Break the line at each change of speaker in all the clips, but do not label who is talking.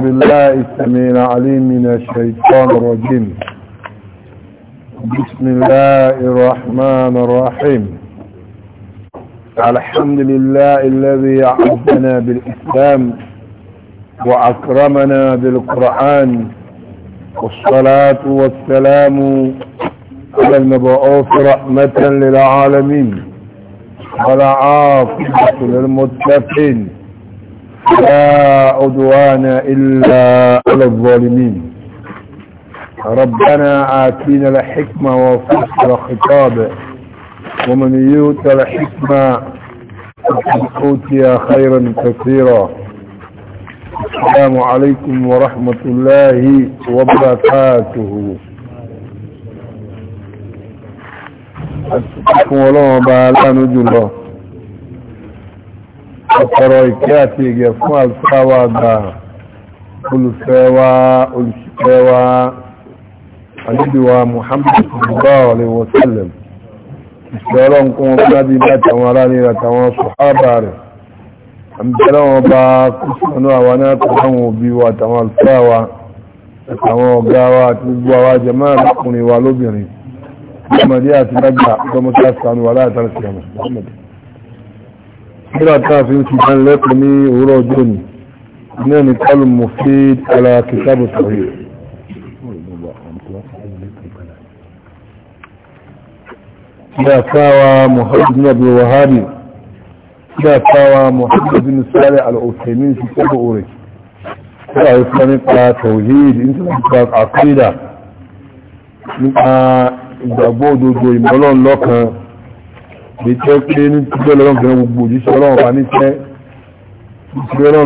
بسم الله السميع العليم من الشيطان الرجيم بسم الله الرحمن الرحيم الحمد لله الذي عبدنا بالإسلام وأكرمنا بالقرآن والصلاة والسلام على المبعوث رحمة للعالمين ولا عاقبة للمتقين لا عدوان إلا على الظالمين ربنا آتينا الحكمة وفصل خطابه ومن يؤت الحكمة أوتي خيرا كثيرا السلام عليكم ورحمة الله وبركاته السلام ولو ما الله وبركاته ọ̀pọ̀rọ̀ ìkẹ́ àti ìgẹ̀ fún àlùfáwà àgbà olùfẹ́wà olùṣìfẹ́wà alìbíwà Muhammad sallallahu alaihi wa sallam ìṣẹ́rọ̀ nǹkan gbádìí látàwọn aráàlú àtàwọn sọ̀hábà rẹ̀ àmìtẹ́lẹ̀ wọn bá kúsùnú àwọn anátàwọn òbí wa àtàwọn àlùfáwà àtàwọn ọ̀gá wa àti gbogbo àwọn jẹ́mọ́ àlùkùnrin wa lóbìnrin ọmọdé àti lágbà ọmọdé àti àwọn aláàtàlẹ̀ nígbà tá a fi ń ṣùgbọ́n lẹ́kọ̀ọ́ ní òwúrọ̀ ọjọ́ ni ní ẹni kọlù mọ̀ fi ara kìtàbù sọ̀rọ̀ ìgbà táwa Muhammad bin Abdul Wahhab ìgbà táwa Muhammad bin Salih al-Uthaymeen sí sọ́bọ̀ orẹ̀
tí a ìgbàgbọ́
òdodo ìmọ̀lọ́n lọ́kan lè jẹ́ pé ní tíjọ́ lọ́rọ̀ fẹ́ràn gbogbo òjíṣẹ́ ọlọ́run wa ní tẹ́ tíjọ́ ọlọ́run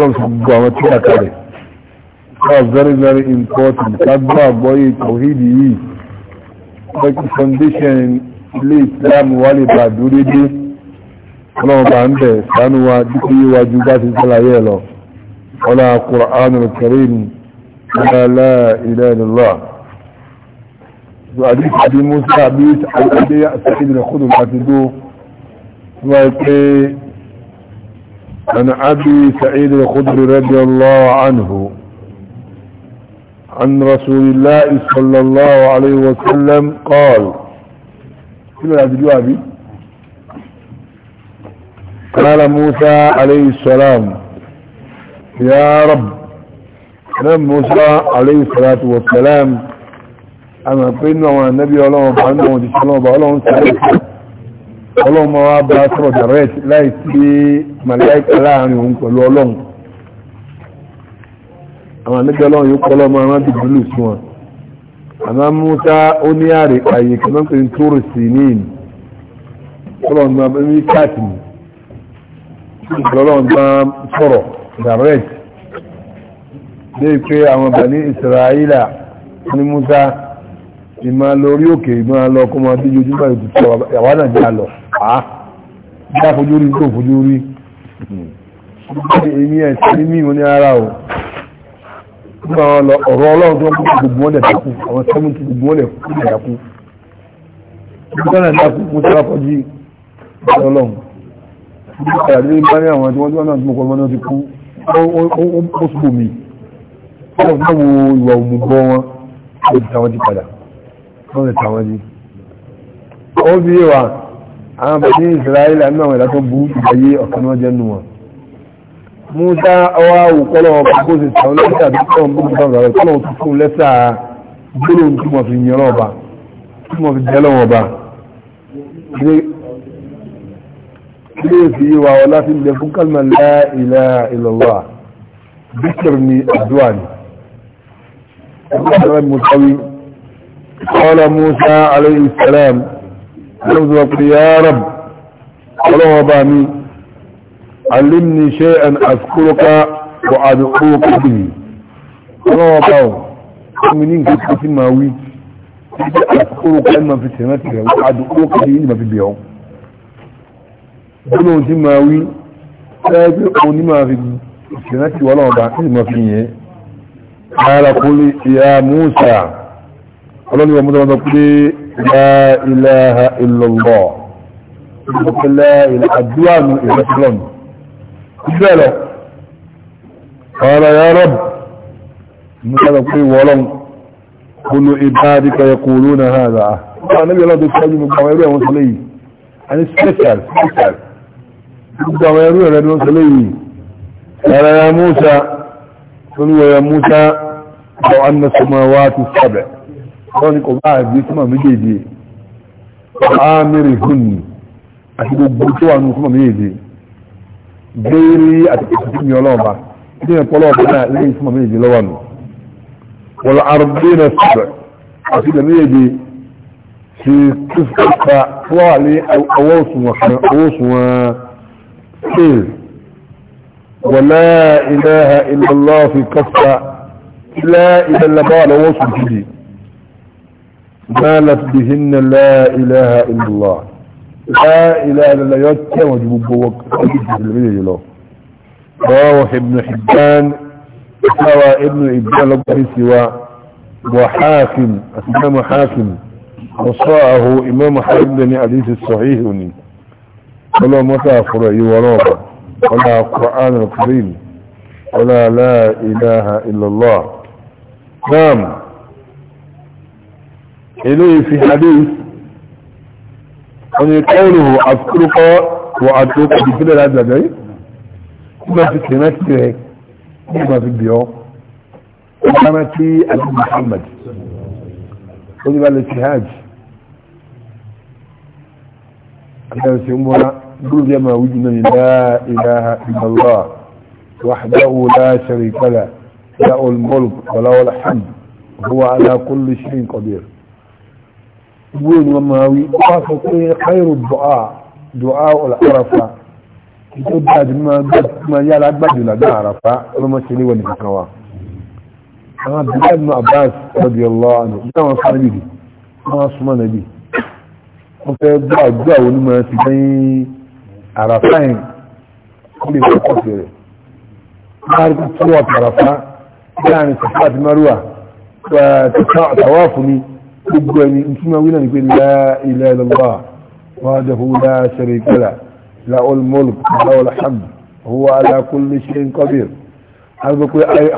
lọ gbogbo àwọn tí àkà rẹ̀ that's very very important lágbó àgbọ́yé tòhídì yìí lẹ́kí foundation ilé ìsìlámù wà lè bà dúró dé ọlọ́run bá ń bẹ̀ sánú wa dípé wájú bá ti sálàyé lọ ọlá Qur'anul Karim ọlá la ilaha illallah وعديث أبي موسى بيت الأبي سعيد الخضر العتدو وعطي عن أبي سعيد الخضر رضي الله عنه عن رسول الله صلى الله عليه وسلم قال كيف العتدو أبي قال موسى عليه السلام يا رب قال موسى عليه الصلاة والسلام àmà pé inú àwọn ànábí ọlọ́run bá nínú òjì ọlọ́run bá ọlọ́run sáré ọlọ́run ma wá bá sọ̀rọ̀ direct láì sí màláìka láàrin òun pẹ̀lú ọlọ́run àwọn ànábí ọlọ́run yóò kọ́ ọlọ́run máa ti búlù sí wọn àmà Musa ó ní àrè àyè kan náà pé ń tó rè sí ní ìlú ọlọ́run máa bẹ́ ní káàtì mi ọlọ́run bá sọ̀rọ̀ direct dé pé àwọn bani Israẹla ní Musa ìmọ̀ lórí òkè ìmọ̀ lọ kó máa díjú ojúmọ̀ ìtùtù àwa náà já lọ àá bí a fojú rí tó fojú rí èmi ẹ̀sìn ní mímu ní ara o nígbà wọn lọ ọ̀rọ̀ ọlọ́run tó ń kó gbogbo wọn dẹ̀ dákú àwọn sẹ́mùn tó gbogbo wọn dẹ̀ kú dẹ̀ dákú nígbà náà dákú mo sára fọjí ọlọ́run ó ti padà lọ́nà tàwọn jí ó bí wà àwọn bàbí Israẹli àmì àwọn ìdájọ́ burú ìgbàyé ọ̀kan náà jẹ́nu wọn Musa ọwá òkọlọ ọkọ̀ sí tàwọn lẹ́sà tó kọ́ ń bókùn tàwọn ọ̀rọ̀ kọ́lọ̀ tó fún lẹ́sà gbóló tí wọ́n fi yẹn ọba tí wọ́n fi jẹ́lọ́ ọba ilé fi wà ọlá fi lè fún kalmà la ilaha illallah bíkìrì ni àdúrà ni ẹgbẹ́ ìrẹ́ mọ́tàwí قال موسى عليه السلام نظرت يا رب قالوا بامي علمني شيئا أذكرك وأدعوك به قالوا باو منين كنت في ماوي أذكرك إما في سنتك وأدعوك به إما في بيوم قالوا في ماوي سابقوني ما في سنتي ولا ما في قال قل يا موسى قالوا يا مدرنا لا اله الا الله سبحانك لا اله الا انت سبحان قال يا رب مثلا قولي ولن كل عبادك يقولون هذا النبي الله دكتور من قوائره ونصلي عن السكال سكال قوائره ونصلي قال يا موسى قل يا موسى لو ان السماوات السبع wọ́n ní kò bá àgbé súnmọ̀ méjèèjì àmìrì hùn àti gbogbo tó wà nù súnmọ̀ méjèèjì gbérí àti ìsìnkú ọlọ́ọ̀bá ní ẹ̀pọ̀ ọlọ́ọ̀bá náà lẹ́yìn súnmọ̀ méjèèjì lọ́wọ́ nù wọ́n lọ arúgbé náà sọ̀rọ̀ àti ìgbà méjèèjì ṣe kíkọ́ta tó wà ní ọwọ́ òṣùwọ̀n kan ọwọ́ òṣùwọ̀n scale wala ilaha illallah fi kọ́ta ilẹ̀ ilẹ̀ labọ́ àlọ́wọ́ òṣùwọ̀n مالت بهن لا إله إلا الله لا إله إلا الله يوتي وجبه وقت روح ابن حبان سوى ابن ابن لبه سوى وحاكم اسمام حاكم وصاعه إمام حاكم بني حديث الصحيح ولا متافر يوروبا ولا قرآن الكريم ولا لا إله إلا الله نعم إليه في حديث أن يقوله أذكرك وأتوك بكل هذا جاي ما في كلمات كده ما في البيوم كما في محمد قولي بقى الاجتهاد أنا سيمونا قول يا ما وجدنا لا إله إلا الله وحده لا شريك له له الملك وله الحمد هو على كل شيء قدير ìwé ni wọ́n máa wí ó wá sọ pé káyọ̀rọ̀ dùá dùá àràfà tó dájú máa yára gbàjù làgbà àràfà ọlọ́mọṣẹ́ léwọ̀ nìkan kan wa àwọn abdullahi ibn abbas radiyallahu anhu nígbà wọn fún nàbì wọn súnmọ́ nàbì wọn fẹ́ gbọ́ àdúrà wọn ní ni gbogbo ẹni ìtumọ̀ wí náà ni pé la ilaha illallah wahdahu la sharika lah lahul mulk lahul hamd huwa ala kulli shay'in qadir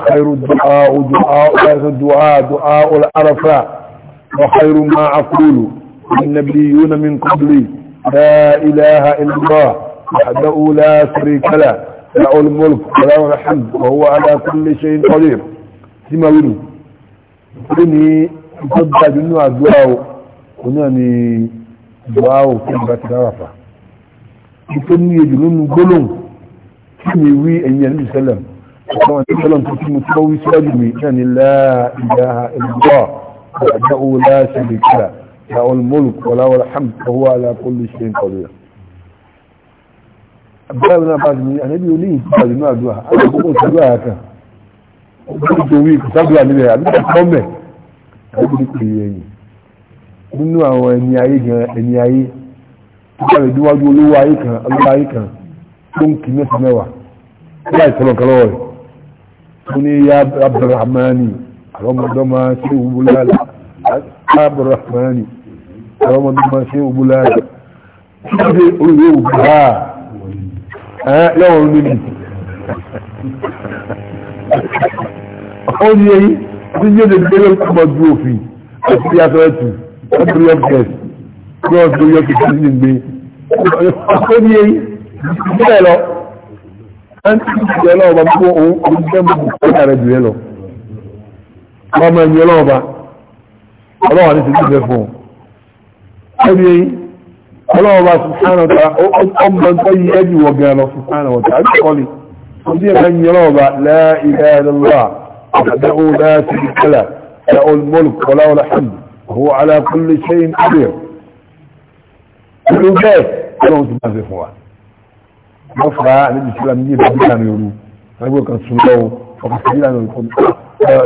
خير الدعاء دعاء خير الدعاء دعاء العرفة وخير ما أقول النبيون من قبلي لا إله إلا الله وحده لا شريك له له الملك وله الحمد وهو على كل شيء قدير ثم ولو nǹkan gbàjú nínú àdúrà o òun náà ni ìdúrà o fún ìgbà tí dára fà ìfẹ́ ní èdè nínú gbólóhùn tí mi wí ẹ̀yìn ẹ̀rí ìṣẹ̀lẹ̀ ọ̀pọ̀ àti ìṣẹ̀lẹ̀ tó tí mo tí wọ́n wí síwájú mi náà ni láà ìdá ìdúrà àjẹ́ owó láàṣẹ lè kíra ya olmoluk wàlá wàlá hamd owó alákòólù ṣe ń kọlu abdullahi bin abbas ni anabi oni ìtura nínú àdúrà àwọn akókò ìtura kan ó gbọ́dọ̀ wí kò sábà níbẹ̀ àbí kò sọ́mẹ̀ àbúrò pè é ẹ̀yìn nínú àwọn ẹni ayé gan ẹni ayé tó bá lè díwájú olówó ayé kan olówó ayé kan tó ń kì í mẹ́sàn-án mẹ́wàá tó bá ìtọ́lọ̀ kan lọ́wọ́ rẹ̀ tó ní ya abdulrahmani àrọ́mọdọ́mọ ṣé tí yóò lè gbé lórí ọmọ ju òfin àti bí aṣọ ẹtù ọdún yóò gẹ̀ kí wọ́n tó yóò kékeré ní gbé ọkọ ní eyín bẹ́ẹ̀ lọ wọ́n ti ń jẹ́ lọ́wọ́ bá gbogbo òun òun jẹ́ mọ́ ọ̀gá rẹ̀ jù yẹn lọ wọ́n máa ń yẹ lọ́wọ́ bá ọlọ́wọ́ ní ti ti fẹ́ fún un ẹbí eyín ọlọ́wọ́ bá sùpánà ta ọmọ tó yí ẹbí wọ gan lọ sùpánà wọ̀ta àbíkọ́lì ọdún yẹn máa ń yẹ lọ́wọ́ bá la ilaha illallah وحده لا شريك له له الملك وله الحمد وهو على كل شيء قدير كل ذلك ọlọ́run ti báṣẹ fún wa wọ́n fà á níbi ìṣẹ́lá ní ìbí ìlànà ìrú ẹgbẹ́ kan sún lọ́wọ́ ọkọ̀ sí ìlànà ìkọ̀dù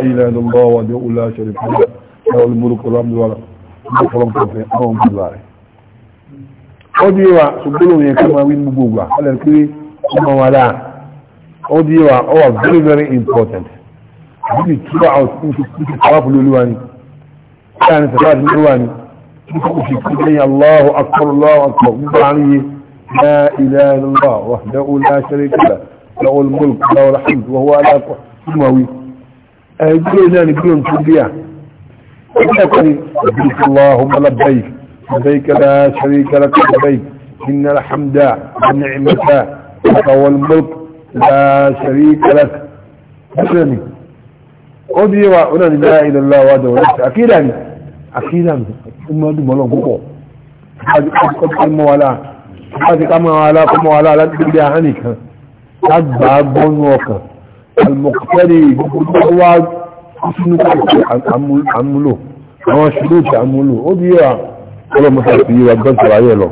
ilẹ̀ ìdọ̀mbọ̀ wà ní ọlá ṣẹlẹ̀ fún wa ẹ olùmúrúkọ lámúlùwà ní ọ̀pọ̀lọpọ̀ fẹ́ àwọn ọmọdé rẹ̀ ó di wa ṣùgbọ́n yẹn kí máa wí ní gbogbo wa ọlẹ́ pé ọmọ wa dáa ó di wa ó wà very very important níbi túbà ọ̀sùn ti ti tàwáfù lóluwa ni láàrin sàfáàtì lóluwa ni tí kò fi kú lẹ́yìn Allahu akbar Allahu akbar gbogbo àárín yé la ilaha illallah wahdahu la sharika lahu lahul mulku lahul hamdu wa huwa ala kulli ma wi ẹgbẹ́ náà ni gbọ́n tó bí à ẹgbẹ́ kọ́ ni labbayka Allahumma labbayka labbayka la sharika laka labbayka innal hamda wa ni'mata laka wal mulk la sharika laka ó di wa ó náà ní dára ilẹ̀ lọ́wọ́ àjọ wọlé ṣe àkídà ni àkídà ni ó mọ́ dùn mọ́lọ́ púpọ̀ ọjọ́ mọ́ wàhálà láti ká mọ́ wàhálà kó mọ́ wàhálà láti gbé àhán nìkan lágbà gbọ́nú ọkàn alùmọ̀kọ́fẹ́rì gbogbo wa sínú kọ́ọ̀tù àmúlò àwọn ṣùgbọ́n ti àmúlò ó di wa ọlọ́ mọ́ta fi wa gbọ́n sọ̀rọ̀ ayé lọ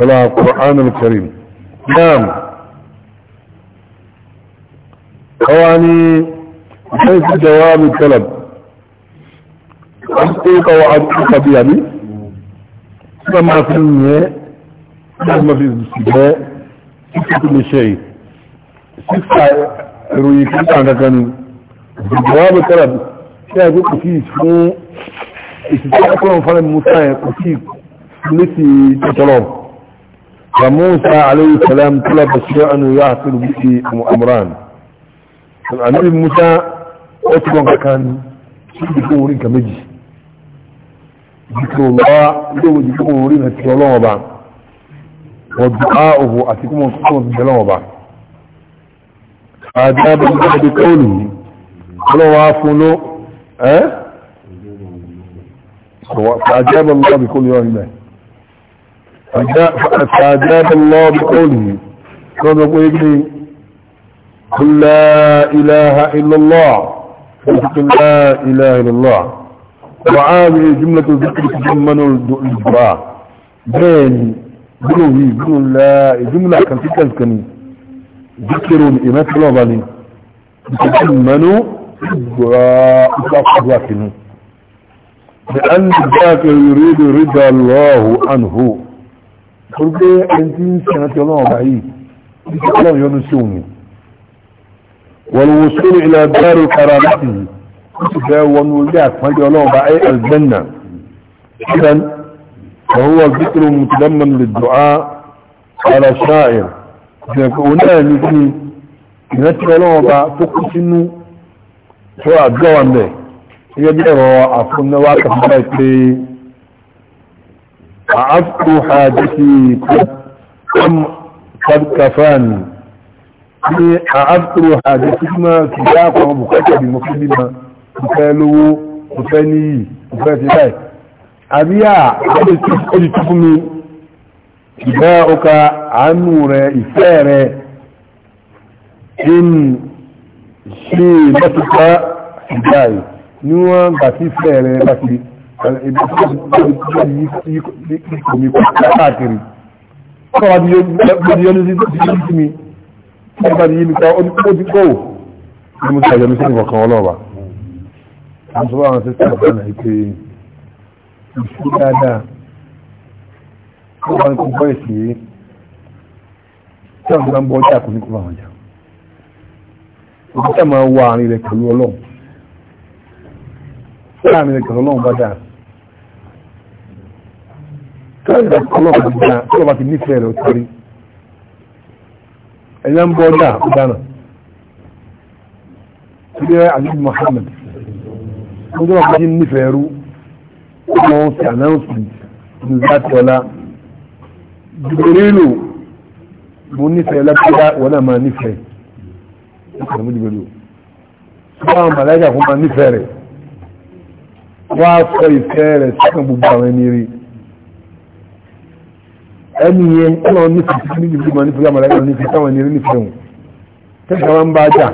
ọlọ́ Qur'an al-Karim náà wọ́n
حيث جواب
الطلب أنطيق وأنطيق بيعني كما في النهاية كما في السباء الاستجاء كل شيء ستة رويكات عندك جواب الطلب كيف يقول فيه اسمه استجاء فعلا موسى وفيه التي تطلب فموسى عليه السلام طلب الشيء أنه يحصل به أمران الأمير موسى ó ti gbọ́n kankan ní síbi kó orí nǹkan méjì jìkìrò lọ́wọ́ lóòwò jìkìrò orí rẹ̀ ti ọlọ́wọ́ bá wọ́n ju á òwò àti kó wọn kó wọn ti jẹ́lọ́wọ́ bá. àdá bá ń gbọ́dọ̀ kó lù yìí ọlọ́wọ́ á fún ló ẹ́ àdá bá ń gbọ́dọ̀ kó lù yọ̀ nílẹ̀ àdá bá ń gbọ́dọ̀ kó lù yìí lọ́dọ̀ pé kí ni kúlẹ̀ ilaha illallah. ذكر لا إله إلا الله وعامل جملة ذكر تضمن الدعاء بين بلوهي بلو لا جملة كان في تذكني ذكر إمات لغني تضمن الدعاء أصحاب لكنه لأن الذاكر يريد رضا الله عنه قلت أنت سنة الله بعيد أنت الله ينسوني والوصول إلى دار كرامته ونولدات فهي الله بأي الجنة إذا فهو ذكر متضمن للدعاء على الشاعر هنا نجي نتبع الله بأفق سنه سواء الجوان به يجيروا أفقنا واقف بيتي أعفت حادثي قد كفاني ní àábùrò àjẹ́ sígbìmọ̀ kì í dáàkọ̀ bùkátà bí mo fi bímọ mo fẹ́ lówó mo fẹ́ níyì mo fẹ́ ti láì àbí à ó ti túkú mi ìgbà ọkà àánú rẹ ìfẹ́ rẹ in ṣe mẹ́tọ́ta ìgbà yìí níwọ̀n gbà tí ìfẹ́ rẹ bá ti ibi tó ti yí kò mi kọ́ káàkiri. Ọkọ̀ wa ti yọ ní sí mi ọba yìí nìkan ó ti kó ní mo ti àjọ mi sí nǹkan ọlọ́ọ̀bà àti wọ́n àwọn sísè ọ̀gá náà pé ìṣú dáadáa ó wà ní kókó èsì yìí tí àwọn ìgbà ń bọ́ ọjà kò ní kó bá wọn jà òkú tí a máa wọ àárín rẹ̀ pẹ̀lú ọlọ́run ti nífẹ̀ẹ́ rẹ̀ ó torí ẹ̀yẹ́ ń bọ́ dà dánà ilé àdúgbò Muhammad ó jọ́ ọ̀pọ̀ jí nífẹ̀ẹ́ rú ọmọ ti announcement ní láti ọlá Jibrilu mo nífẹ̀ẹ́ lápẹ́lá wọ́n náà máa nífẹ̀ẹ́ ìpàdé Jibrilu wọ́n màláìkà fún máa nífẹ̀ẹ́ rẹ̀ wọ́n á sọ ìfẹ́ rẹ̀ sọ́kàn gbogbo àwọn ẹni ẹni yẹn ọlọ́run ní fìtí ní ìlú ma ní fìtí àmàlà ní fìtí àwọn ènìyàn ní fìtí wọn tẹ́sí àwọn bá jà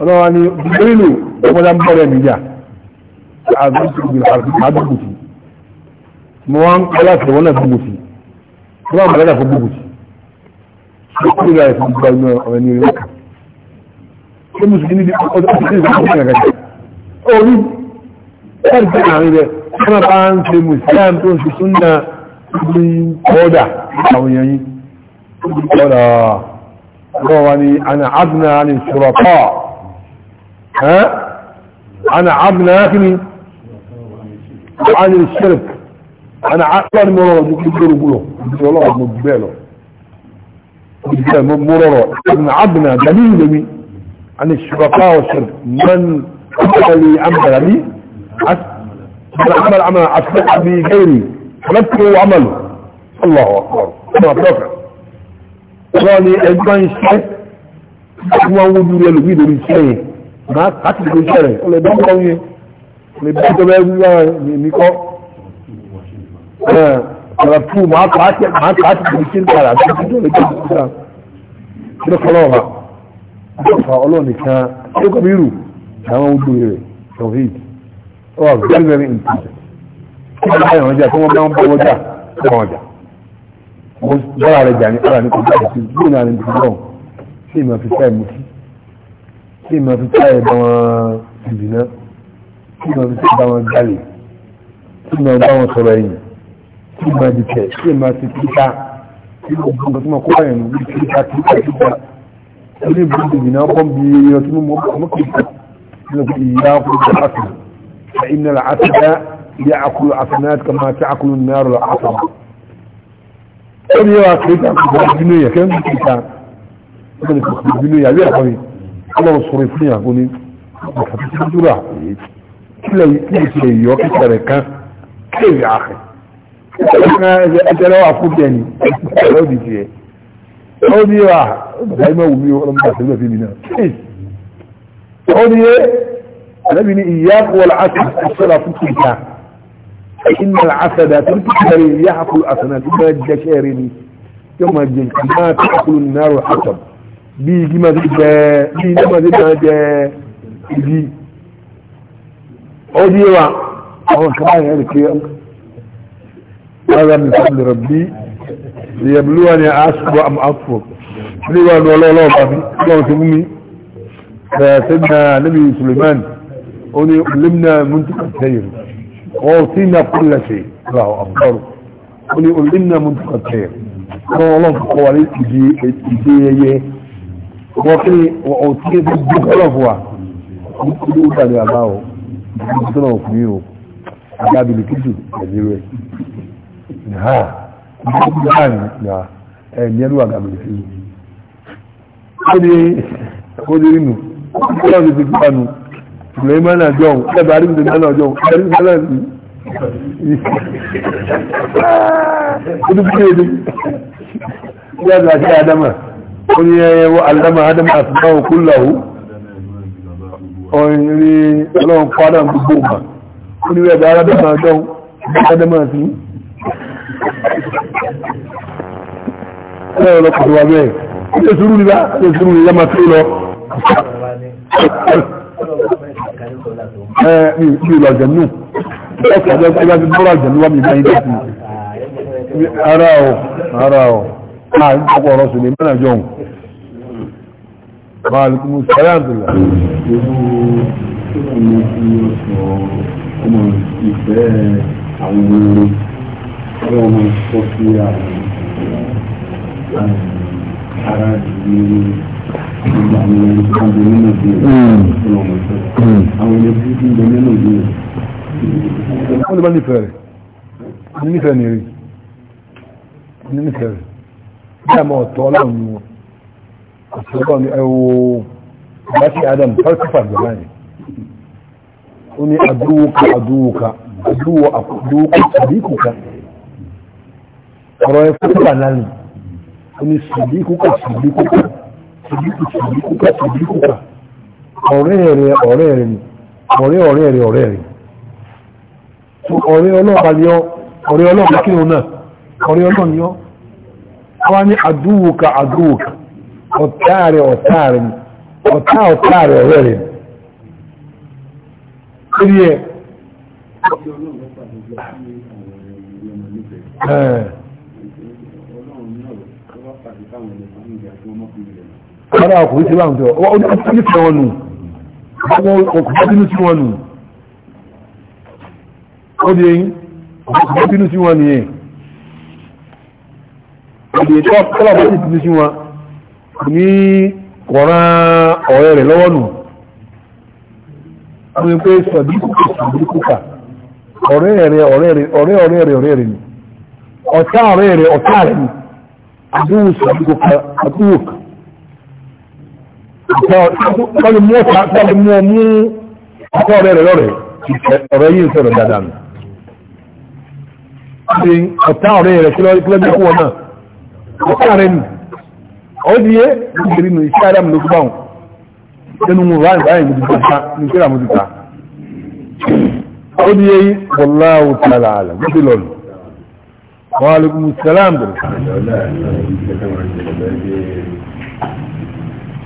ọlọ́run ni bíbélò ọmọdé ń bọ̀rẹ̀ mi jà àdúgbòtì mo wá ń kọ́ láti wọn náà gbogbo sí wọn bá láti gbogbo sí ṣùgbọ́n ìlà ẹ̀fọ́ gba inú ọ̀rẹ́ ní ìrìn kà ṣé mo sì ní bí ọjọ́ tó ṣe ìfọwọ́ sí ìrìn orí ẹ̀rí àárín ní kọ́dà àwọn èèyàn yìí kọ́dà ọ̀rọ̀ wa ni ana abna ni ṣùrọ̀kọ́ ana abna kini ani shirk ana akpar mọ́rọ̀rọ̀ ní gbogbo gbogbo ọlọ́rọ̀ mo gbẹ́ lọ mọ́rọ̀rọ̀ ana abna dalil lemi ani ṣùrọ̀kọ́ shirk man kọ́dà li amara li asbara amara asbara bi gairi فلبكوا وعملوا الله أكبر أنا أتوقع قال لي أجمعين الشيء أجمع وجود يلوي دوري الشيء ما حتى يكون شيء قال لي دم قوي قال لي بيت بيت نيكو فلبكوا ما قعدت ما قعدت دوري الشيء قال عبد كده خلاص فقالوا لي كان شو كبيرو كان وجود يلوي توحيد Oh, very, very important kí wọ́n bá ìrànjà kí wọ́n bá ń bọ́ wọn jà kí wọ́n jà mo bọ́ra rẹ̀ jà ní ara ní kọjá àti bí ìrìn àrùn ìdílé ọ̀hún sí ìmọ̀ fi táì mutí sí ìmọ̀ fi táì bá wọn ìdìná sí ìmọ̀ fi táì bá wọn jalè sí ìmọ̀ bá wọn sọ̀rọ̀ ẹ̀yìn sí ìmọ̀ dìtẹ̀ sí ìmọ̀ fi kíkà sí ìmọ̀ gbọ́ngàn tó máa kó báyìí nù bí kíkà kíkà kíkà ilé ìbùdó ìdìná bọ́m bí iye ọtí mú mọ́ mọ́ kíkà nínú ìyá ọkùnrin àti ìnà يأكل عفنات كما تأكل النار العصر كم يواكيك بالبنية كم يواكيك بالبنية ليه أخوي الله الصريفية أقولي بحثت الجراح كل شيء يواكيك لك كيف يا أخي أنت لو أفكر تاني لو دي شيء لو دي واحد دايما ومي ولم تحسبها في بناء لو دي النبي إياك والعسل الصلاة في الكتاب إن العسد تنتشري يحفل أسنان إما الجشاري يوم الجن ما تأكل النار حسب بي جما زبا بي جما زبا بي أوديوا أو كمان هذا كي هذا من فضل ربي ليبلوني أشكر أم أكفر ليوان ولا لا بابي لا تمومي فسيدنا نبي سليمان أني علمنا منطقة سير وأوتينا كل شيء الله أكبر قل علمنا منطقة خير الله قوالي إجيئي وقل وأوتينا الدخل فوا قل أوتى لي الله قلتنا وكمينه أجابي لكجو أجيوه ها الآن لا أين يلوى أجابي لكجو قل قل إنه قل إنه Suleiman Ajọ́n, ẹgbẹ́ àrí Suleiman Ajọ́n, ẹgbẹ́ Suleiman Ajọ́n. Ó dúkú ní èdè. Ìyá àgbà sí Adama, ó ní ẹyẹ wọ Adama Adama àtúntà òkú làwú. Ọ̀rin rí ọlọ́run padà gbogbo ọ̀gbà. Ó ní ẹgbẹ́ Adama Ajọ́n, Adama sí. Ọlọ́run lọ́kùnrin wa bẹ́ẹ̀. Ó lè sùúrù nígbà, ó lè sùúrù nígbà máa tó lọ mi lọ jẹ̀mú ọkọ̀ ọjọ́ ẹgbẹ́ ti bọ́ra jẹ̀mú wà mí bá yín dẹ́kun
ara o ara
o máa ń tọ́pọ̀ ọ̀rọ̀ sí ní mẹ́nà jọ ara
rẹ̀ ní ìgbà àwọn ẹni tó ń bẹ nínú ìgbé àwọn ẹni tó ń bẹ nínú ìgbé. wọ́n
ti bá nífẹ̀ẹ́ rẹ̀ ní nífẹ̀ẹ́ ní rí ní nífẹ̀ẹ́ rẹ̀ bí àmọ́ ọ̀tọ̀ ọlọ́run ni wọn ọ̀tọ̀ ọlọ́run ni ẹ wo bá ti adam fẹ́ẹ́fà gbẹ̀lá yẹn ó ní adúwòkà adúwòkà adúwò àdúwòkà àdíkùkà ọ̀rọ̀ ẹ fẹ́ẹ́fà náà ẹni sìdíkúkà sìdíkúkà sìdíkù sìdíkúkà sìdíkúkà ọ̀rẹ́ rẹ̀ ọ̀rẹ́ rẹ̀ ni ọ̀rẹ́ ọ̀rẹ́ rẹ̀ ọ̀rẹ́ rẹ̀ tó ọ̀rẹ́ ọlọ́ọ̀bà ni ọ́ ọ̀rẹ́ ọlọ́ọ̀bà kí òun náà ọ̀rẹ́ ọlọ́ọ̀ ni ọ́ wá ní àdúwòkà àdúwòkà ọ̀tá rẹ̀ ọ̀tá rẹ̀ ni ọ̀tá ọ̀tá rẹ̀ ọ̀rẹ́ rẹ̀ ni kí ni ẹ kára ọkùnrin tí láàrín tọ́ ọ ní wọn nù àwọn ọkùnrin sí wọn nù ó di ọkùnrin sí wọn nìyẹn ọdí ètò ọkọlá bá sí wọn ní kọ̀ọ̀rán ọ̀rẹ́ rẹ̀ lọ́wọ́ nù wọ́n pé sọ̀díkùkà ni kọ́ni mú ọ̀tá kọ́ni mú ọmú ọkọ̀ rẹ̀ rẹ̀ lọ́rẹ̀ ọ̀rọ̀ yìí ń sọ̀rọ̀ dáadáa nù. ṣe ọ̀tá ọ̀rẹ́ rẹ̀ kí lọ́dún kú wọn náà ọ̀tá rẹ̀ nù ọ́ di yé nítorí nù iṣẹ́ adam ló gbọ́n nínú mu ráyìn ráyìn mo ti gbọ́ ta ní kíra mo ti ta. ó di yé wallahu ta'ala àlà gbé lọ́nù. wàhálà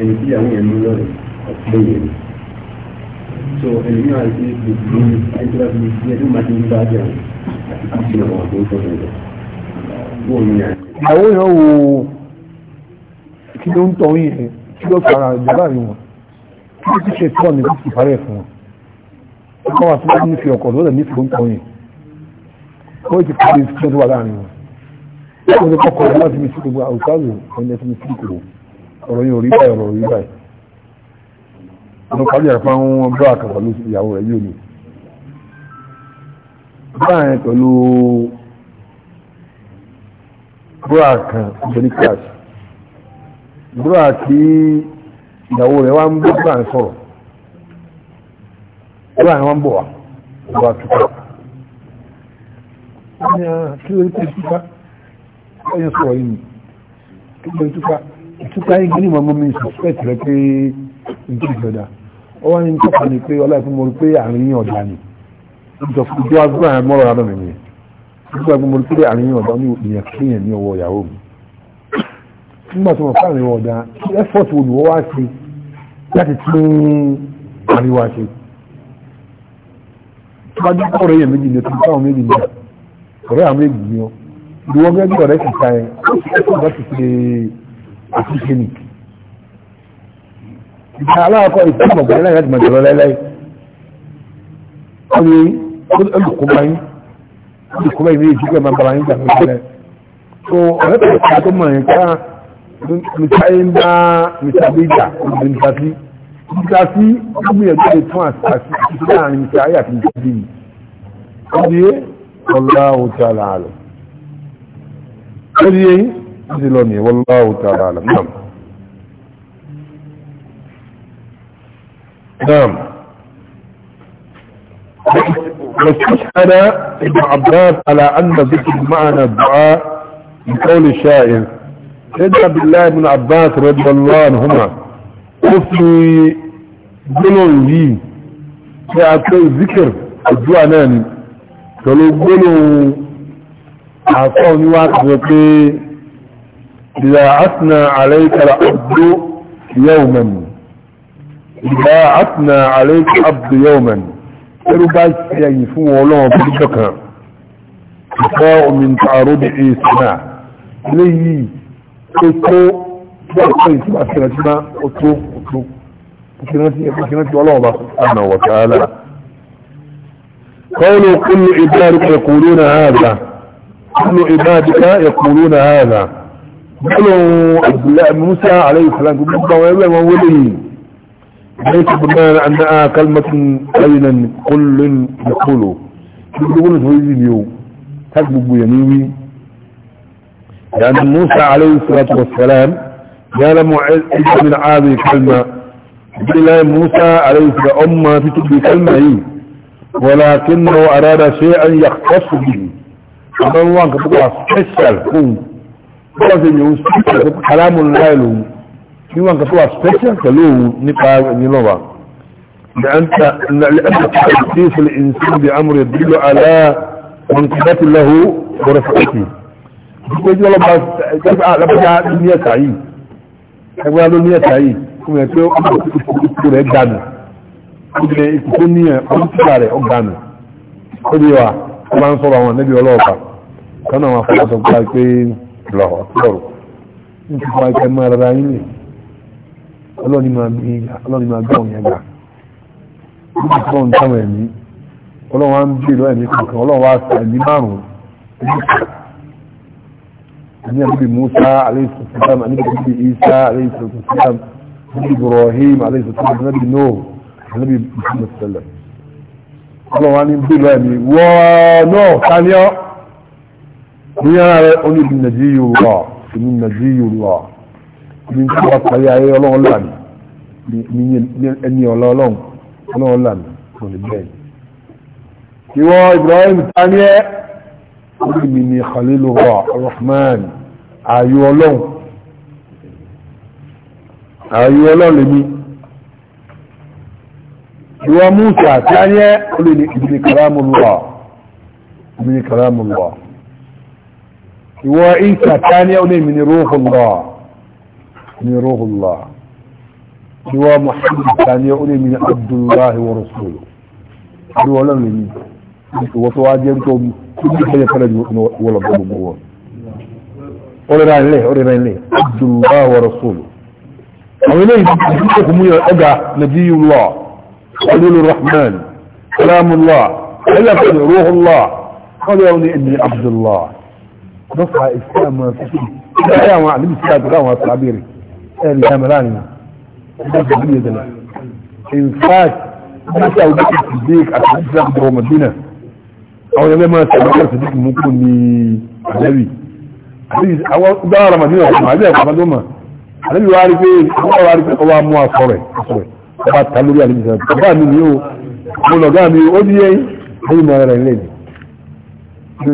ẹni tí àwọn yẹn mú lọ́rẹ̀ ọ̀pẹ́ yẹn so ẹni náà ti gbogbo ẹni tó bá fi di ẹni máa ti ń bá jà àti kí ṣe àwọn àbò tó ń bọ̀ bóun ni àná. àwọn èèyàn wo
kí ló ń tọ́ yìí kí ló fara ìjọba rí wọn kí ló ti ṣe tí wọn ní kí ìparẹ́ fún wọn ọkọ wa tí wọn ní fi ọkọ̀ lọ́dẹ̀ ní ìfowó ń tọ́ yìí ó ti parí tí wọn ti láàrin wọn. ó ti kọ́kọ́ ọ̀dọ́ láti mi sí gbogbo àwùjọ àwọn ẹni tí mi sí gbogbo ọ̀rọ̀ yóò rí báyìí ọ̀rọ̀ rí báyìí ọ̀nà pàdé àfáà wọn bá àkàkà ló sì ìyàwó rẹ̀ yóò ní báyìí pẹ̀lú búrà kan ìjọ ní kíláàsì búrà kí ìyàwó rẹ̀ wá ń bọ́ búrà ń sọ̀rọ̀ búrà ń wá ń bọ̀ wá búrà kíkà kí ló ń tẹ́ kíkà ẹ̀yìn sọ̀rọ̀ yìí kí ló ń tẹ́ kíkà túká ní gíní mọ́mọ́ mi suspect rẹ pé ìdí ìjọdá ó wá ní tọ́ka ni pé ọlá ìfún mo rí pé àárín yín ọ̀dà ni ìjọ ìjọ agbó àárín mọ́rọ̀ rárá mi nìyẹn ìjọ agbó mo rí pé àárín yín ọ̀dà ní ìyẹn kéèyàn ní ọwọ́ ìyàwó mi nígbà tó mọ̀ pé àárín ọ̀dà effort wo ni wọ́n wá sí láti tún àárín wa ṣe tó bá dúpọ̀ ọ̀rẹ́ yẹn méjì ní ọ̀rẹ́ méjì ní ọ̀rẹ́ àwọn méjì ní ọ ìwọ gẹ́gẹ́ bí ọ̀rẹ́ kìí ta ẹ ó sì ẹ̀kọ́ bá ti ṣe àtúnṣe nì ìgbà aláàkọ́ ìtàbọ̀ bẹ̀rẹ̀ láì láti mọ̀jọ̀rọ̀ láìláì wọ́n ni olùkọ́mọ̀ yín olùkọ́mọ̀ yín méjì pẹ̀lú àbára yín gbàgbé lẹ́ so ọ̀rẹ́ pẹ̀lú ìta tó mọ̀ yín ká mìta yín bá mìta bí ìjà olùdó mìta sí mìta sí ọmọ ìyẹn tó tán àti àti láàrin mìta ayé àti mìta bí yìí زلوني والله تعالى أعلم نعم نعم واستشهد ابن عباس على أن ذكر معنى الدعاء بقول الشاعر سيدنا بالله ابن عباس رضي الله عنهما وفي قولوا لي سيعطوا ذكر الدعاء ناني قالوا قولوا عطوني واحد إذا عثنا عليك العبد يوما إذا عثنا عليك العبد يوما كانوا بعض يعني فهو في بالبكة
تفاع من تعرض
إيسماع ليه تكو تكو يسمع قلتو أترك أترك بكناتي بكناتي والله الله سبحانه وتعالى قولوا كل عبادك يقولون هذا كل عبادك يقولون هذا قالوا عبد الله بن موسى عليه السلام قلت له وولي ليس بمعنى أنها كلمة أينا كل يقوله يقولون تويزي اليوم تكذب يميني لأن موسى عليه الصلاة والسلام يعلم عيسى من هذه قلت له موسى عليه الصلاة أمة تتبي كلمة هي ولكنه أراد شيئا يختص به أما الله كتبه سبيشال كون bọ́lá ṣe yòó sí kàlámù láì lòun ní wọn kàtó wà special pẹ̀lú òun nípa nílọ́wà لأن تحسيس الإنسان بأمر يدل على منقبة له ورفعته يقول لما تفعل لما نية تعيين ẹgbẹ́ ló ní ẹ̀ta yìí fún ẹ̀ pé ìkùkù rẹ̀ dànù ìgbẹ́ ìkùkù ní ẹ̀ ó di wà ó ń sọ̀rọ̀ àwọn ẹ̀nẹ́bí ọlọ́ọ̀pá kan náà wọn fọwọ́sọ pé lọ́wọ́ lọ́rù nípa ẹ̀kẹ́ máa rárá ilẹ̀ ọlọ́ni máa gbọ́ òun yẹn gbà nípa ìfọ́ ń tọ́wọ̀ ẹ̀mí ọlọ́wọ́ á ń bí ìlú ẹ̀mí kankan ọlọ́wọ́ á sa ẹ̀mí márùn-ún ní àbíbi Musa aleyhisselam àbíbi Isa aleyhisselam àbíbi Ibrahim aleyhisselam àbíbi Nuh àbíbi Muhammad sallam ọlọ́wọ́ á ní bí ìlú ẹ̀mí wọ́ọ́ náà sáníọ́ ní ara rẹ̀ ó ní ìbìnà jí yorùbá ìbìnà jí yorùbá ní kí wọ́n parí ayé ọlọ́run lànà ní ẹni ọlọ́run ọlọ́run lànà kò ní bẹ́ẹ̀ ni. ìwọ Ibrahim taniẹ ó ní mi ní Khalilullah Rahman ayé ọlọ́run ayé ọlọ́run lèmi ìwọ Musa taniẹ ó ní ìbìnà karamullah ìbìnà karamullah. وإيسى ثانية أولي من روح الله من روح الله هو محمد ثانية أولي من عبد الله ورسوله هو لم يمين وطواد كل حاجة فلد ولا أولي رأي ليه أولي رأي ليه عبد الله ورسوله أولي بيكم يا أجا نبي الله خليل الرحمن سلام الله هل روح الله قال أولي إني عبد الله ló fa islam fífi láyé àwọn àlébí sí àdúrà àwọn àtàbírí ẹ̀rì ìyá mẹ́rà ni wọ́n ti bí ẹ̀dẹ̀ náà in fact bí sáà wọ́n ti ti dé àti islam bọ̀ mọ̀dínà àwọn ẹgbẹ́ máa sọ̀rọ̀ àwọn sadiq mú kú ní àlébí àlébí àwọn dáhà ramadina ọ̀sán àlébí ẹ̀kọ́ àmàdó mà àlébí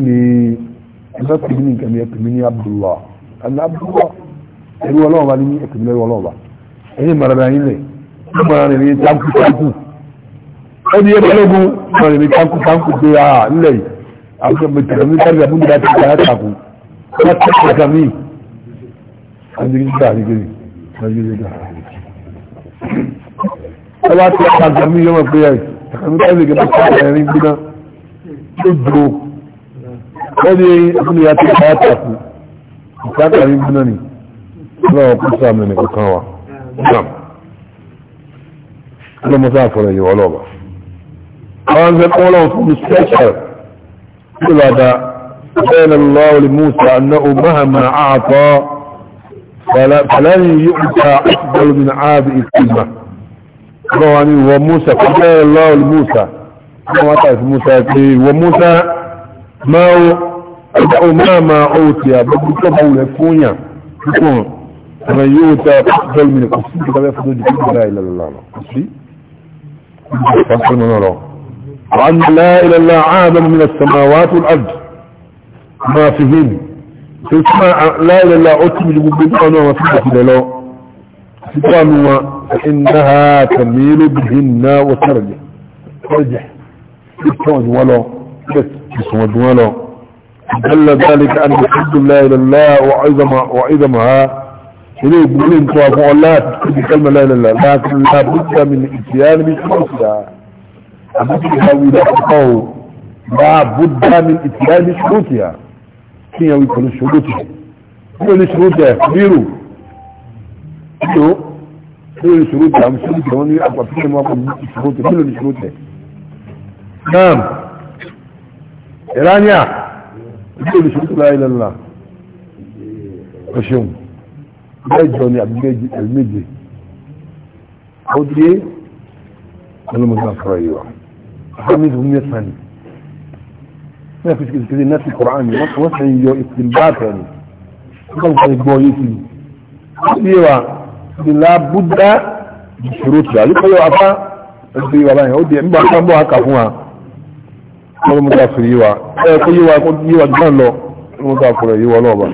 ni ẹgbẹ́ pèmí ní nǹkan mi ẹpèmí ní Abdullah ẹni Abdullah ẹni wọlé ọba ní ẹpèmí lẹ́rú wọlé ọba ẹni mọ̀rọ̀dà yín lẹ̀ ẹni mọ̀rọ̀dà yín tanku tanku ẹni yẹ balógun mọ̀rọ̀dà yín tanku tanku pé a nílẹ̀ yìí àwọn ọmọ ìtẹ̀lẹ̀ mi kárí àbúndì láti ṣe àtàkù wọ́n ti ṣe ẹ̀ka mi. ọba ti ṣe àtàkù mi yọmọ pé ẹ̀ ẹ̀ka mi kárí wọ́n ní ẹkùn ya tí káwà tàkù ìkàkàrí gbóná ni ọlọ́wọ́ kú sáàmì ní kọkàn wa sam ọlọ́mọsá àfọ̀rọ̀ yìí ọlọ́ọ̀bà àwọn ẹgbẹ́ kọ́ ọlọ́wọ́ fún mi special kí ló dá bẹ́ẹ̀ lọ lọ́wọ́ lè Musa aná o máa máa àtọ́ fàlẹ́yìn yóò máa ó ọjọ́ máa máa ó ti àbúkú tó bá wulẹ̀ yóò ta bẹ́ẹ̀ kò sí ìgbàlẹ̀ fún ojú tó dá ilẹ̀ lọ́la kò sí ìgbàlẹ̀ lọ́la وأن لا إلى الله عالم من السماوات والأرض ما فيهن لا إلى الله أتم لبقبان وما فيه فإنها تميل بهن وترجح ترجح بالتوج ولا اسمه دل ذلك أن يحب الله إلى الله وعظم وعظمها إليه يقول إن توافقوا الله تكتب كلمة لا إلى الله لكن لا بد من إتيان بشروطها أبدي هاوي لا تقوه لا بد من إتيان بشروطها كين يوي كل شروطها
كل شروطها كبيرو
كل شروطها مش شروطها واني أطلع فيهم وقت شروطها كل شروطها نعم ìránìà ìdílé olùsòwò tó láyé lọ́la o ṣeun mẹ́jọ ni àbí méje ó dé ọlọ́mọdé àfọ̀rọ̀ yìí wa àmì ìdùnnú mẹ́ta ni ní àfi sìkìsì kìsì náà ti kọ̀rọ̀ àmì wọ́n sọ ń yọ ìpínbàtà ni wọ́n kọ́ ìgbọ́ yìí sí ó dé wa ìlà búdá ìṣòro tìlá lókọ́ yọ afá ó dé wa báyìí ó dé nígbà tó ń bọ̀ àkà fún wa wọ́n mú káfí yíwa ẹ kó yíwa kó yíwa gbọ́n lọ mú káfí rẹ̀ yíwa náà bá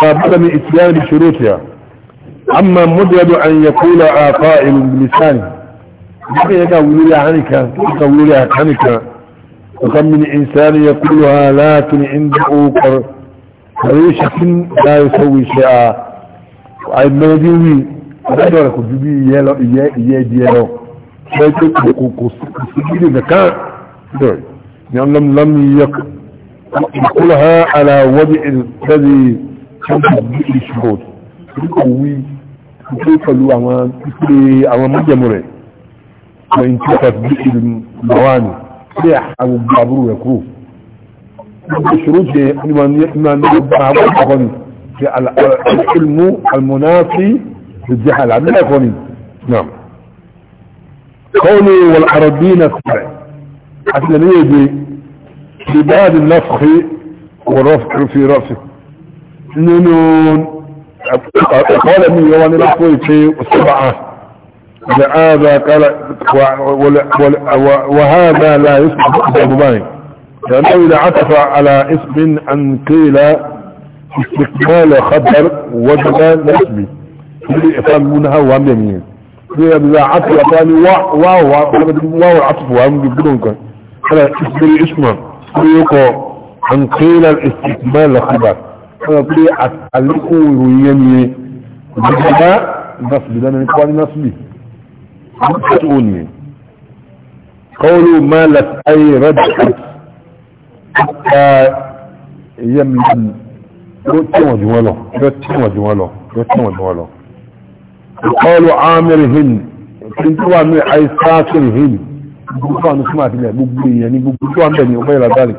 ma bada ni ìtìyàn ni ṣòro tìyà amma mudadu an ya kula a fa'ilun bilisani duk ya ga wuri a hannika ka wuri a hannika وكم من إنسان يقولها لكن عنده قريشة لا يسوي شيئا أي مديوي أنا أقول لك جبي يلو يجي يلو شيء كسيجي لك دول يعني لم لم يقلها على وجه الذي كان به الشهود قوي كيف لو عمان كيف عمان مجمرة وإن كانت به المواني ريح أو بابرو يكروه الشروط هي اما ما نبقى العلم المنافي للجهل عمل أخوني نعم قولي والعربين السبع الأسلامية في بعد النفخ والرفع في رأسه نون قال من يواني يوان الأخوة السبعة لهذا قال وهذا لا يسمع بضباني لأنه إذا عطف على اسم أن قيل استكمال خبر وجد نسبي كل إفان منها وهم يمين إذا عطف على يعني واو واو واو العطف وهم يبدون كان على اسم اسمه طريقه عن قيل الاستكمال لخبر هذا طريقة أتعلقوا ويني
بجماع
نصب لأن نقواني نصبي تقولني قولوا مالت أي رجعت حتى يملن يتم جواله يتم جواله يتم جواله قالوا عامرهن كنتوا عامر أي ساكرهن gbogbo àwọn súnmọ́ àtìlẹ̀ gbogbo èèyàn ní gbogbo tó wà ń bẹ̀ ní ọgbẹ́ ìlàgbàlè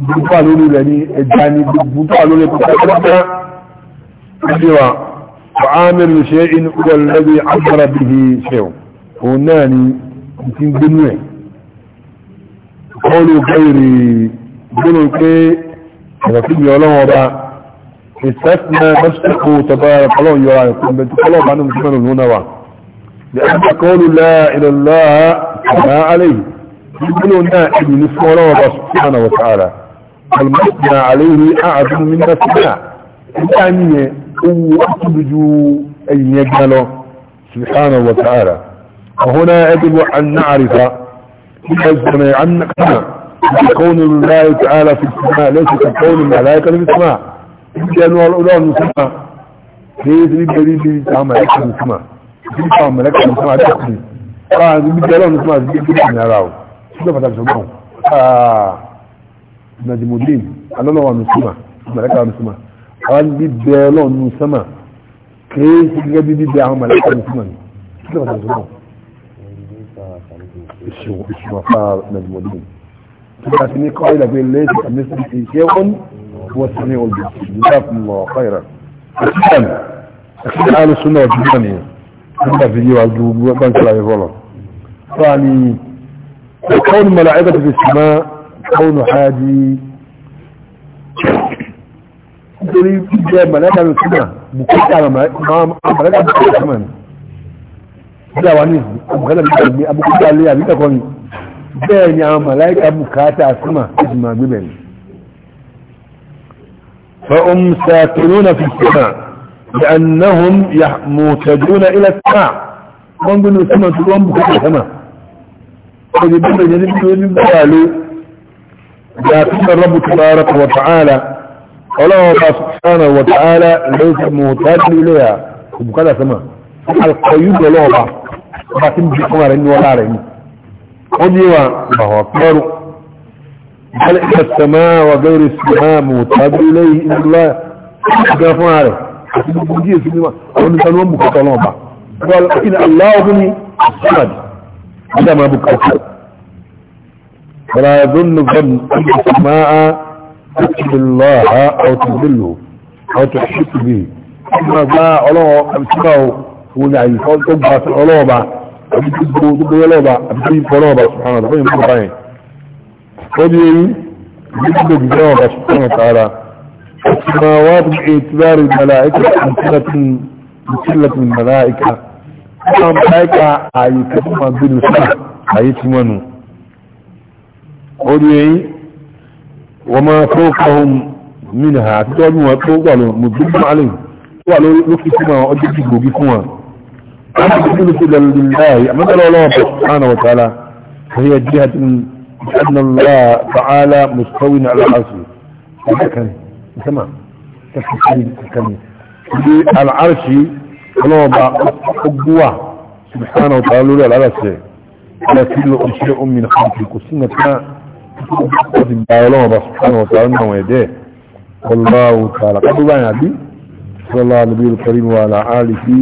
gbogbo tó wà lórí rẹ̀ ní ẹja ní gbogbo tó wà lórí pẹ̀lẹ́pẹ̀lẹ́ ìdíwà ọ̀hámẹ́rin ṣe inú ọgbẹ́ lẹ́bí agbára bí i ṣe òun náà ni ti ń gbénú ẹ̀ kọ́lù gbẹ́rì gbónú pé ìrọ̀kúnjẹ ọlọ́wọ́ ọba ìsẹ́sìn mẹ́sìkò tọ́gbà ọlọ́wọ́ yọra ẹ̀kọ́ لأن قول لا إلى الله ما عليه
يقولون نائب نسمى الله سبحانه وتعالى المثنى
عليه أعظم من نفسنا الثانية يعني هو أخرجوا أن يجعله سبحانه وتعالى وهنا يجب أن نعرف يجب عن كون الله تعالى في السماء ليس كقول الملائكة في السماء لأنه الأولى في السماء ليس لبريد في السماء ìdí nípa àwọn mẹ̀lẹ́kà ní sáwọn àjọpọ̀ ara ibi tí ọlọ́run fún àti gbígbé ní ara o sílẹ̀ pàtàkì ṣọgbọ́n najimudin alọ́lọ́wà nùsùmà mẹ̀lẹ́kà nùsùmà àwọn gbígbé ọlọ́run nùsùmà kìí sí gẹ́gẹ́ bí gbígbé àwọn mẹ̀lẹ́kà nùsùmà ní sílẹ̀ pàtàkì
ṣọgbọ́n ìṣùwàfà najimudin
tó bá ti ní kọ́ ìlàgbé lẹ́sìn àmì ìṣẹ́wọ́n wọ́n sì ní olùdíjì nígbà fún ọ̀kọ́ ìrà àti àlùsùnà ọ̀dùnmọ̀ nìyẹn عند في جوا الجوب وبنك لا كون ملاعبة في السماء كون حادي دلي جاء ملاعبة ملاعبة في السماء لا وانا ابو غلب ابني ابو كل اللي يبي تكون ملاعبة ابو كاتا السماء فأم ساكنون في السماء لأنهم موتدون إلى السماء ونقول السماء تقوم بكل السماء فجبنا جذب جذب قالوا جاكم الرب تبارك وتعالى قال الله سبحانه وتعالى ليس موتاد إليها بكل السماء القيود لهم لكن بكم رأيني ولا رأيني قدوا الله أكبر بل إلى السماء وغير السماء موتاد إليه إلا الله كيف عليه àti gbogbo díẹ̀ sí mímọ́ àwọn nìkan wọ́n bùkátà ọlọ́run bá wọ́n ìnà aláwọ̀ ní ìsúnàdì nígbà máa bùkátà wọ́n dún ní gbọ́n ní ìsúnmáà àtìlọ́ha ọ̀tùbílò ọ̀tùbílò ìgbà bá ọlọ́run àbíkíkà òun ní àyè tó gbà ọlọ́run bá àbí tó gbogbo ọlọ́run bá àbí tó yípo ọlọ́run bá sùn السماوات باعتبار الملائكة مثلة مثلة الملائكة
الملائكة
عيكتما بالنسبة عيكمنوا قولي وما فوقهم منها تقول ما تقولوا مدلهم عليهم قالوا لكتما وأجبتكم بكما أنا بقولك إلى لله أما قالوا الله سبحانه وتعالى فهي جهة أن الله تعالى مستوين على العصر هذا كان sama tafsiri kan ni al'arshi kuma ba uguwa subhanahu wa ta'ala lórí al'arshi ala kullu shay'in min khalqi kusina ta kusina ba Allah ba subhanahu wa ta'ala nan wede wallahu ta'ala kadu ba nabi sallallahu alaihi wa sallam wa ala alihi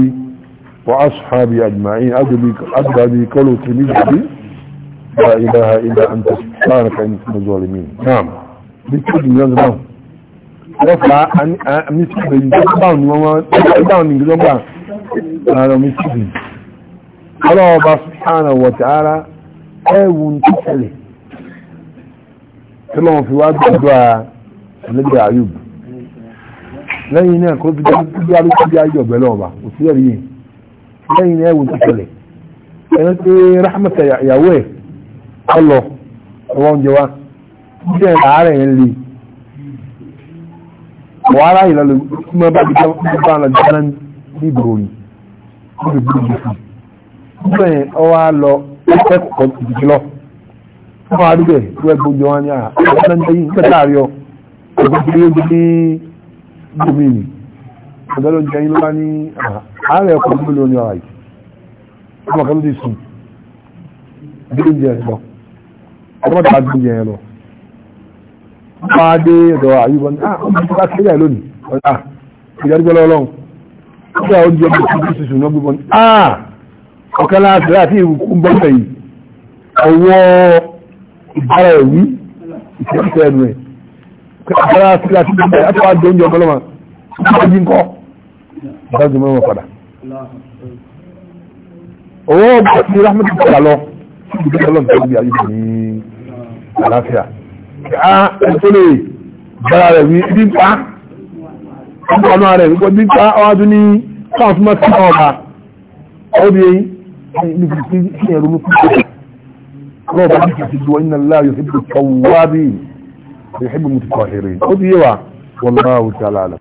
wa ashabi ajma'in adbi adbi qawlu tirmidhi لا إله إلا أنت سبحانك إنك من الظالمين نعم بالتجميل نعم wọ́n fa mísìkì ìjọba ni wọ́n wọ́n ní ìjọba ààrẹ mísìkì ọlọ́ọ̀bá sùhánà wọ̀tí ara ẹ̀wù ń tẹ́lẹ̀ tí wọ́n fi wá gbọ́dọ̀ àlẹ́gbẹ̀ ayub lẹ́yìn náà kó fi dájú alúkú bí ayé ọ̀gbẹ́ lọ́ọ̀bá kò sí ẹ̀rí yìí lẹ́yìn náà ẹ̀wù ń tẹ́lẹ̀ ẹni pé rahmata yàwó ẹ̀ ọlọ ọwọ́ oúnjẹ wa bí ẹ̀ àárẹ̀ yẹn le wàhálà yìí lọ́lọ́ mọ́ bá gbígbá gbígbá lọ jẹ́rán ní ìgbòho yìí ó fi gbúgbù fún un gbogbo ẹ̀ ọ wá lọ ẹ̀kọ́ ìdíjì lọ fún àdúgbò ẹ̀ tó ẹgbẹ́ ojú wọn ní àná ọ̀gá ń tẹ́yìn nípa táàrí ọ ọ̀gá tó yé ní gbòmí ni ọ̀gá ló ń jẹ́ yín lọ́la ní pàdé ọ̀dọ̀ àyíbọn ọmọ ìjọba sílẹ̀ lónìí ọ̀dà ah, ìdádúgbọ́lọ́ ọlọ́run ọjọ́ àwọn ah, oúnjẹ ọmọ ìjọba sísù náà gbogbo ní ah, àà ọ̀kan láti láti ìwùkú ń bọ́sẹ̀ yìí ọwọ́ ìbára ẹ̀wí ìṣẹ́fẹ́ ẹnu ẹ̀ ọ̀kan láti láti bẹ̀rẹ̀ láti wá jẹ oúnjẹ ọmọlọ́mọ ọjọ́ ńkọ́ ìdájú mọ́lọ́mọ padà owó ọgbà sí rahmatu padà lọ sí ìdíjọ́ ọlọ́run tó ń bí ayé ní àlàáfíà a ah, ẹ̀tọ́ lè bára rẹ̀ wí bí pa ọmọ ọmọ rẹ̀ wípé bí pa ọwá tún ní káwọn fún mọ́tí náà ọba ọdún yẹn ní fi sí sí ẹ̀rọ mú fún ọba ní kìí ti dùn iná láàyò sí